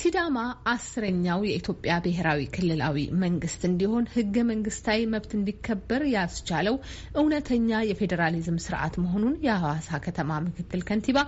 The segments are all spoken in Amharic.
ሲዳማ አስረኛው የኢትዮጵያ ብሔራዊ ክልላዊ መንግስት እንዲሆን ህገ መንግስታዊ መብት እንዲከበር ያስቻለው እውነተኛ የፌዴራሊዝም ስርዓት መሆኑን የሐዋሳ ከተማ ምክትል ከንቲባ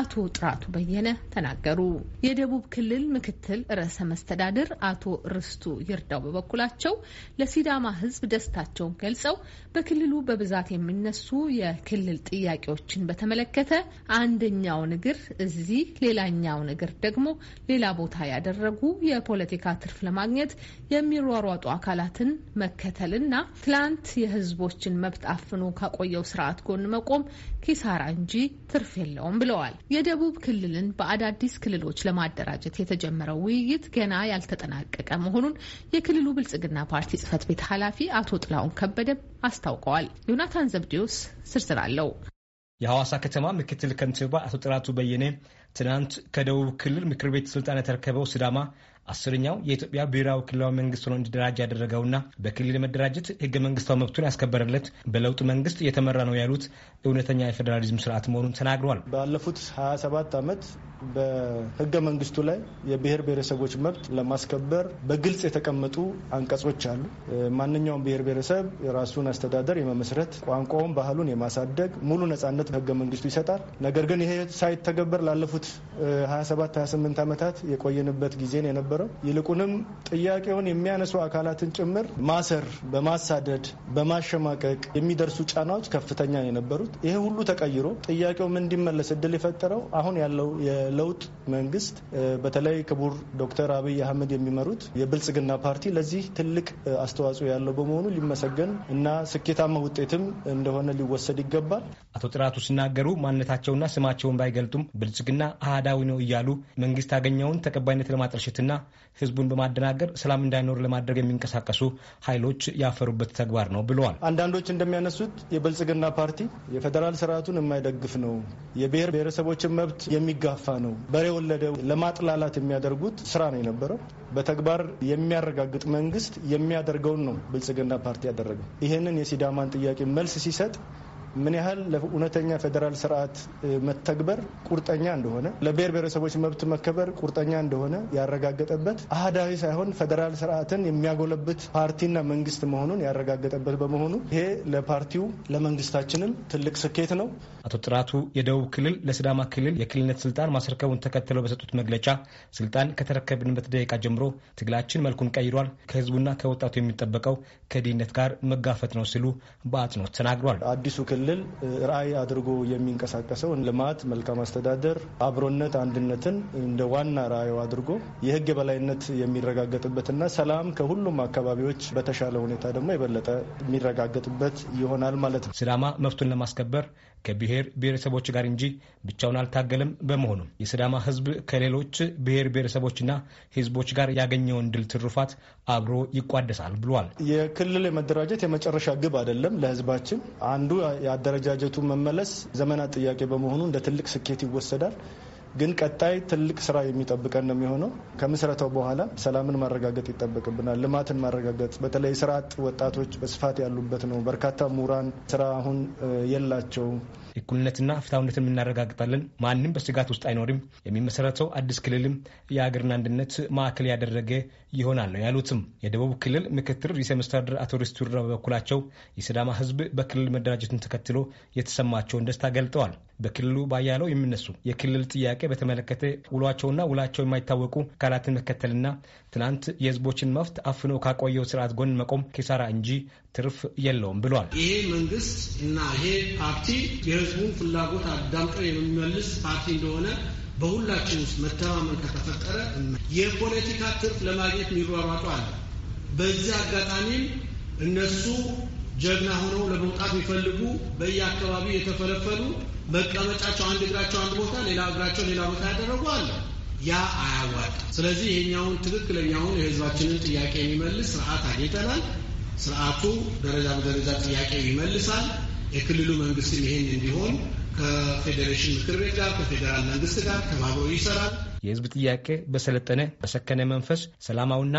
አቶ ጥራቱ በየነ ተናገሩ። የደቡብ ክልል ምክትል ርዕሰ መስተዳድር አቶ ርስቱ ይርዳው በበኩላቸው ለሲዳማ ህዝብ ደስታቸውን ገልጸው በክልሉ በብዛት የሚነሱ የክልል ጥያቄዎችን በተመለከተ አንደኛውን እግር እዚህ ሌላኛውን እግር ደግሞ ሌላ ቦታ ያደረጉ የፖለቲካ ትርፍ ለማግኘት የሚሯሯጡ አካላትን መከተልና ትላንት የህዝቦችን መብት አፍኖ ካቆየው ስርዓት ጎን መቆም ኪሳራ እንጂ ትርፍ የለውም ብለዋል። የደቡብ ክልልን በአዳዲስ ክልሎች ለማደራጀት የተጀመረው ውይይት ገና ያልተጠናቀቀ መሆኑን የክልሉ ብልጽግና ፓርቲ ጽህፈት ቤት ኃላፊ አቶ ጥላሁን ከበደም አስታውቀዋል። ዮናታን ዘብዲዮስ ስርስር አለው። የሐዋሳ ከተማ ምክትል ከንቲባ አቶ ጥራቱ በየኔ ትናንት ከደቡብ ክልል ምክር ቤት ስልጣን የተረከበው ሲዳማ አስረኛው የኢትዮጵያ ብሔራዊ ክልላዊ መንግስት ሆኖ እንዲደራጅ ያደረገውና በክልል መደራጀት ህገ መንግስታዊ መብቱን ያስከበረለት በለውጥ መንግስት የተመራ ነው ያሉት እውነተኛ የፌዴራሊዝም ስርዓት መሆኑን ተናግረዋል። ባለፉት 27 ዓመት በህገ መንግስቱ ላይ የብሔር ብሔረሰቦች መብት ለማስከበር በግልጽ የተቀመጡ አንቀጾች አሉ። ማንኛውም ብሔር ብሔረሰብ የራሱን አስተዳደር የመመስረት ቋንቋውን፣ ባህሉን የማሳደግ ሙሉ ነጻነት ህገ መንግስቱ ይሰጣል። ነገር ግን ይሄ ሳይተገበር ላለፉት 27 28 ዓመታት የቆየንበት ጊዜን የነበረ የነበረው። ይልቁንም ጥያቄውን የሚያነሱ አካላትን ጭምር ማሰር፣ በማሳደድ በማሸማቀቅ የሚደርሱ ጫናዎች ከፍተኛ የነበሩት ይሄ ሁሉ ተቀይሮ ጥያቄውም እንዲመለስ እድል የፈጠረው አሁን ያለው የለውጥ መንግስት በተለይ ክቡር ዶክተር አብይ አህመድ የሚመሩት የብልጽግና ፓርቲ ለዚህ ትልቅ አስተዋጽኦ ያለው በመሆኑ ሊመሰገን እና ስኬታማ ውጤትም እንደሆነ ሊወሰድ ይገባል። አቶ ጥራቱ ሲናገሩ ማንነታቸውና ስማቸውን ባይገልጡም ብልጽግና አህዳዊ ነው እያሉ መንግስት ያገኘውን ተቀባይነት ለማጠልሸትና ህዝቡን በማደናገር ሰላም እንዳይኖር ለማድረግ የሚንቀሳቀሱ ኃይሎች ያፈሩበት ተግባር ነው ብለዋል። አንዳንዶች እንደሚያነሱት የብልጽግና ፓርቲ የፌዴራል ስርዓቱን የማይደግፍ ነው፣ የብሔር ብሔረሰቦችን መብት የሚጋፋ ነው፣ በሬ ወለደ ለማጥላላት የሚያደርጉት ስራ ነው የነበረው። በተግባር የሚያረጋግጥ መንግስት የሚያደርገውን ነው ብልጽግና ፓርቲ ያደረገው። ይህንን የሲዳማን ጥያቄ መልስ ሲሰጥ ምን ያህል ለእውነተኛ ፌዴራል ስርዓት መተግበር ቁርጠኛ እንደሆነ ለብሔር ብሔረሰቦች መብት መከበር ቁርጠኛ እንደሆነ ያረጋገጠበት አህዳዊ ሳይሆን ፌዴራል ስርዓትን የሚያጎለብት ፓርቲና መንግስት መሆኑን ያረጋገጠበት በመሆኑ ይሄ ለፓርቲው ለመንግስታችንም ትልቅ ስኬት ነው። አቶ ጥራቱ የደቡብ ክልል ለሲዳማ ክልል የክልልነት ስልጣን ማስረከቡን ተከትለው በሰጡት መግለጫ ስልጣን ከተረከብንበት ደቂቃ ጀምሮ ትግላችን መልኩን ቀይሯል፣ ከህዝቡና ከወጣቱ የሚጠበቀው ከድህነት ጋር መጋፈጥ ነው ሲሉ በአጽንኦት ተናግሯል። አዲሱ ክልል ክልል ራዕይ አድርጎ የሚንቀሳቀሰው ልማት፣ መልካም አስተዳደር፣ አብሮነት፣ አንድነትን እንደ ዋና ራዕዩ አድርጎ የህግ የበላይነት የሚረጋገጥበትና ሰላም ከሁሉም አካባቢዎች በተሻለ ሁኔታ ደግሞ የበለጠ የሚረጋገጥበት ይሆናል ማለት ነው። ሲዳማ መብቱን ለማስከበር ከብሔር ብሔረሰቦች ጋር እንጂ ብቻውን አልታገለም። በመሆኑ የስዳማ ህዝብ ከሌሎች ብሔር ብሔረሰቦችና ህዝቦች ጋር ያገኘውን ድል ትሩፋት አብሮ ይቋደሳል ብሏል። የክልል የመደራጀት የመጨረሻ ግብ አይደለም። ለህዝባችን አንዱ የአደረጃጀቱ መመለስ ዘመናት ጥያቄ በመሆኑ እንደ ትልቅ ስኬት ይወሰዳል። ግን ቀጣይ ትልቅ ስራ የሚጠብቀን ነው የሚሆነው። ከምስረታው በኋላ ሰላምን ማረጋገጥ ይጠበቅብናል፣ ልማትን ማረጋገጥ። በተለይ ስራ አጥ ወጣቶች በስፋት ያሉበት ነው። በርካታ ምሁራን ስራ አሁን የላቸው። እኩልነትና ፍትሐዊነትን እናረጋግጣለን። ማንም በስጋት ውስጥ አይኖርም። የሚመሰረተው አዲስ ክልልም የአገርን አንድነት ማዕከል ያደረገ ይሆናል ነው ያሉትም የደቡብ ክልል ምክትል ርዕሰ መስተዳድር አቶ ሪስቱራ በበኩላቸው የሲዳማ ህዝብ በክልል መደራጀቱን ተከትሎ የተሰማቸውን ደስታ ገልጠዋል። በክልሉ ባያለው የሚነሱ የክልል ጥያቄ በተመለከተ ውሏቸውና ውላቸው የማይታወቁ አካላትን መከተልና ትናንት የህዝቦችን መፍት አፍኖ ካቆየው ስርዓት ጎን መቆም ኪሳራ እንጂ ትርፍ የለውም ብሏል። ይሄ መንግስት እና ይሄ ፓርቲ የህዝቡን ፍላጎት አዳምጠ የሚመልስ ፓርቲ እንደሆነ በሁላችን ውስጥ መተማመን ከተፈጠረ የፖለቲካ ትርፍ ለማግኘት የሚሯሯጡ አለ። በዚህ አጋጣሚም እነሱ ጀግና ሆነው ለመውጣት የሚፈልጉ በየአካባቢው የተፈለፈሉ መቀመጫቸው አንድ እግራቸው አንድ ቦታ፣ ሌላ እግራቸው ሌላ ቦታ ያደረጉ አለ። ያ አያዋጣም። ስለዚህ ይሄኛውን ትክክለኛውን የህዝባችንን ጥያቄ የሚመልስ ስርዓት አግኝተናል። ስርዓቱ ደረጃ በደረጃ ጥያቄ ይመልሳል። የክልሉ መንግስትም ይሄን እንዲሆን ከፌዴሬሽን ምክር ቤት ጋር ከፌዴራል መንግስት ጋር ተባብሮ ይሰራል። የህዝብ ጥያቄ በሰለጠነ በሰከነ መንፈስ ሰላማዊና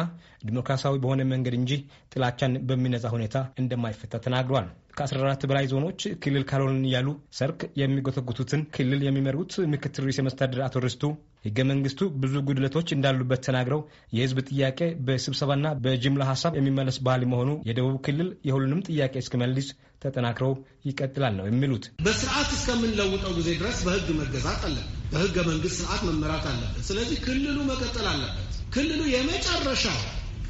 ዲሞክራሲያዊ በሆነ መንገድ እንጂ ጥላቻን በሚነዛ ሁኔታ እንደማይፈታ ተናግሯል። ከ14 በላይ ዞኖች ክልል ካልሆንን እያሉ ሰርክ የሚጎተጉቱትን ክልል የሚመሩት ምክትል ርዕሰ መስተዳድር አቶ ርስቱ ህገ መንግስቱ ብዙ ጉድለቶች እንዳሉበት ተናግረው የህዝብ ጥያቄ በስብሰባና በጅምላ ሀሳብ የሚመለስ ባህል መሆኑ የደቡብ ክልል የሁሉንም ጥያቄ እስክመልስ ተጠናክረው ይቀጥላል ነው የሚሉት። በስርዓት እስከምንለውጠው ጊዜ ድረስ በህግ መገዛት አለን። በህገ መንግስት ስርዓት መመራት አለበት። ስለዚህ ክልሉ መቀጠል አለበት። ክልሉ የመጨረሻ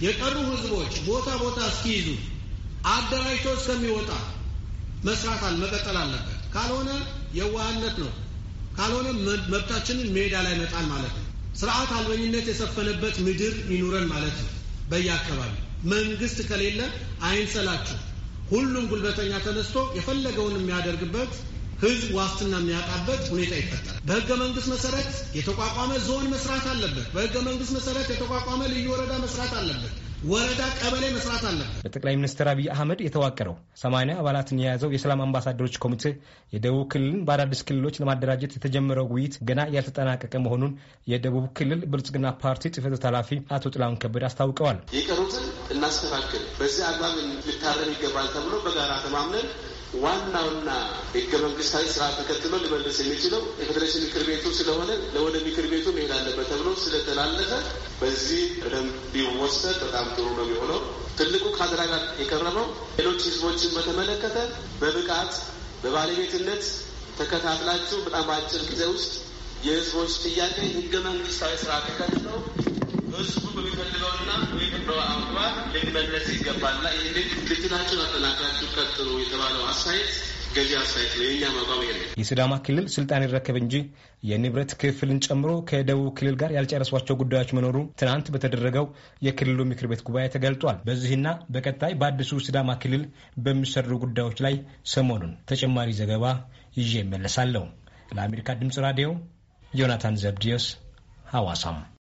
የቀሩ ህዝቦች ቦታ ቦታ እስኪይዙ አደራጅቶ እስከሚወጣ መስራት መቀጠል አለበት። ካልሆነ የዋህነት ነው። ካልሆነ መብታችንን ሜዳ ላይ መጣል ማለት ነው። ስርዓት አልበኝነት የሰፈነበት ምድር ይኑረን ማለት ነው። በየአካባቢ መንግስት ከሌለ አይንሰላችሁ። ሁሉም ጉልበተኛ ተነስቶ የፈለገውን የሚያደርግበት ህዝብ ዋስትና የሚያጣበት ሁኔታ ይፈጠራል። በህገ መንግስት መሰረት የተቋቋመ ዞን መስራት አለበት። በህገ መንግስት መሰረት የተቋቋመ ልዩ ወረዳ መስራት አለበት። ወረዳ፣ ቀበሌ መስራት አለበት። በጠቅላይ ሚኒስትር አብይ አህመድ የተዋቀረው ሰማንያ አባላትን የያዘው የሰላም አምባሳደሮች ኮሚቴ የደቡብ ክልልን በአዳዲስ ክልሎች ለማደራጀት የተጀመረው ውይይት ገና ያልተጠናቀቀ መሆኑን የደቡብ ክልል ብልጽግና ፓርቲ ጽህፈት ኃላፊ አቶ ጥላሁን ከበድ አስታውቀዋል። የቀሩትን እናስተካክል፣ በዚህ አግባብ ልታረም ይገባል ተብሎ በጋራ ተማምነን ዋናውና ህገ መንግስታዊ ስርዓት ተከትሎ ሊመልስ የሚችለው የፌዴሬሽን ምክር ቤቱ ስለሆነ ለወደ ምክር ቤቱ መሄድ አለበት ተብሎ ስለተላለፈ በዚህ በደንብ ቢወሰድ በጣም ጥሩ ነው የሚሆነው። ትልቁ ካድራ ጋር የቀረበው ሌሎች ህዝቦችን በተመለከተ በብቃት በባለቤትነት ተከታትላችሁ በጣም በአጭር ጊዜ ውስጥ የህዝቦች ጥያቄ ህገ መንግስታዊ ስራ ተከትለው ህዝቡ በሚፈልገውና በሚፈልገው አግባ ሊመለስ ይገባልና ይህንን ግጭታችን አጠናክራችሁ ቀጥሉ የተባለው አስተያየት ገዢ አስተያየት ነው። የኛ መቋም ይሄ የሲዳማ ክልል ስልጣን ይረከብ እንጂ የንብረት ክፍልን ጨምሮ ከደቡብ ክልል ጋር ያልጨረሷቸው ጉዳዮች መኖሩ ትናንት በተደረገው የክልሉ ምክር ቤት ጉባኤ ተገልጧል። በዚህና በቀጣይ በአዲሱ ሲዳማ ክልል በሚሰሩ ጉዳዮች ላይ ሰሞኑን ተጨማሪ ዘገባ ይዤ እመለሳለሁ። ለአሜሪካ ድምፅ ራዲዮ ዮናታን ዘብዲዮስ ሐዋሳም